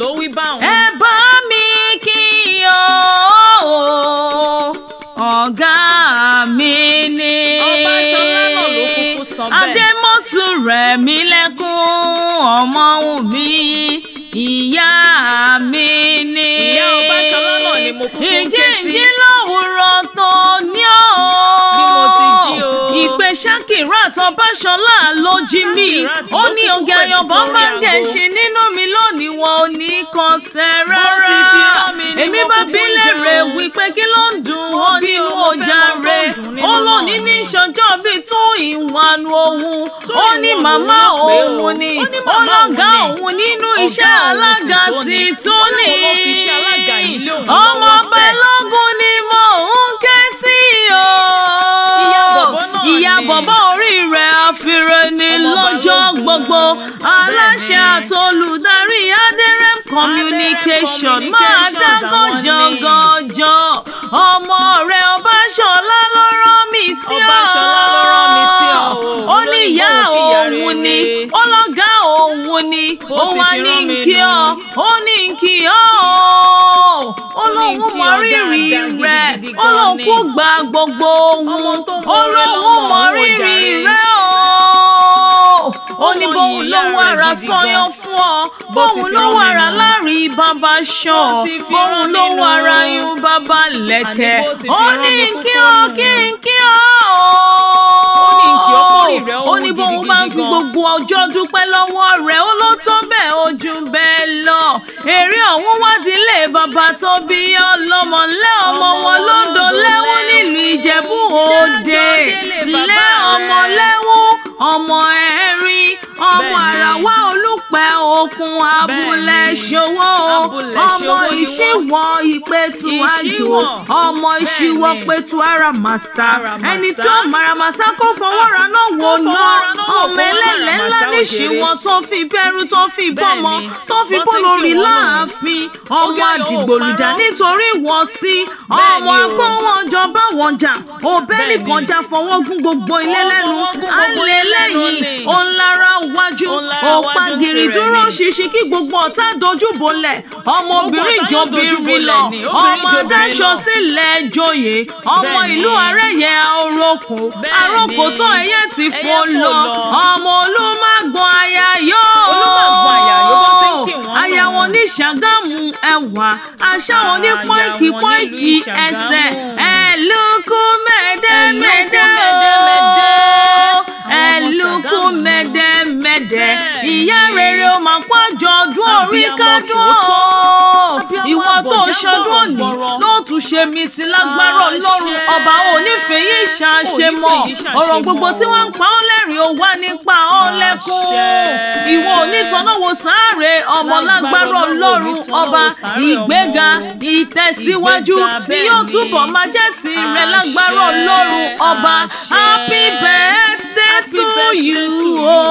ló wí báwọn. ẹ bá mi kí o ọ̀gá mi ni adémọ́sù rẹ̀ mí lẹ́kún ọmọ mi ìyá mi ni ìjínjí lówùrọ̀ tó Mìíràn Báṣọlá ló jí mi ó ní oge ayọ̀bọ̀ máa ń gẹ̀ẹ́sì nínú mi lónìí wọn ò ní kan sẹ́ rárá èmi bá bílẹ̀ rẹ̀ wípé kí ló ń dùn ó nínú ọjà rẹ̀ ó lónìí ní ìṣọjọ́ bíi tún ìwànú òun ó ní màmá òun ni ó lọ́gàá òun nínú iṣẹ́ alága sí tó ní. gbogbo aláṣẹ àtolùdarí adẹ́rẹ́m communication máa dá gànjọ́ gànjọ́ ọmọ rẹ̀ Ọbáṣọlá ló rán mi sí ọ ó ní ìyá òun ni ó lọ́gá òun ni ó wá ní kí ọ ó ní kí ọ olóhùn mọrírì rẹ olóhùn kò gba gbogbo ohun olóhùn mọrírì rẹ o ó ní bóun lówó ara sọyán fún ọ bóun lówó ara láàrin bàbá ṣọ bóun lówó ara yún bàbá lẹ́kẹ̀ ó ní kí ọ kí n kí ọ ó ní bóun máa ń fi gbogbo ọjọ́ dúpẹ́ lọ́wọ́ rẹ̀ ó ló tó bẹ́ẹ̀ ojú bẹ́ẹ̀ lọ èrè ọ̀hún wádìí bàbá tó bí ọlọ́mọ lẹ́ ọmọ wọn lódò lẹ́wọ́ nílùú Ìjẹ̀bú Òde lẹ́ ọmọ lẹ́wọ́ ọmọ ẹ ọmọ àràwá olùpẹ̀ òkun abúlé ṣòwò ọmọ ìṣíwọ̀ ìpẹ̀tù àjò ọmọ ìṣíwọ̀ pẹ̀tù àràmàṣà ẹni tí ó màràmàṣà kó fọwọ́ ra náà wò náà oríṣiríṣi wọn tó fi bẹ́rù tó fi bọ́mọ tó fi bọ́ lórí láàfin ọmọ àdìgbòlùjà nítorí wọ́n sí ọmọ kó wọn jọ bá wọn jà òbẹ́lì kan já fọwọ́ gún gbogbo ilé lẹ́nu alẹ́ lẹ́yìn òǹlara wájú òpagìrì dúró ṣinṣin kí gbogbo ọ̀tá dojú bolẹ̀ ọmọbìnrin ìjọbìnrin lọ ọmọ dáṣọ sílẹ̀ joyè ọmọ ìlú arẹ́yẹ aróko aróko tó ẹyẹ ti fò lọ ọmọ olúmọ olùmọ̀gbọ̀n àyà yóò olùmọ̀gbọ̀n àyà yóò bọ́ sí kí wọ́n nù. àyà wọn ní ṣàgámù ẹwà àṣà wọn ní pọ́ìkì pọ́ìkì ẹsẹ̀ ẹ̀lùkù mẹ́dẹ́mẹ́dẹ́ o ẹ̀lùkù mẹ́dẹ́mẹ́dẹ́ ìyá rere ó máa pọ́jọ ọdún orí kádùn o ìwọ tó ń ṣọdún òní ló tún ṣe mí sí lágbára ọlọ́run ọba onífẹ́ yìí ṣàṣe mọ́ ọ̀rọ̀ gbogbo tí wọ́n ń pa ọ́ lẹ́rìn ó wá nípa ọ́ lẹ́kọ́ ìwọ onítọ̀nàwó sáré ọmọ lágbára ọlọ́run ọba ìgbéga ìtẹ̀síwájú ni yóò túbọ̀ máa jẹ́ tirẹ̀ lágbára ọlọ́run ọba happy birthday to you.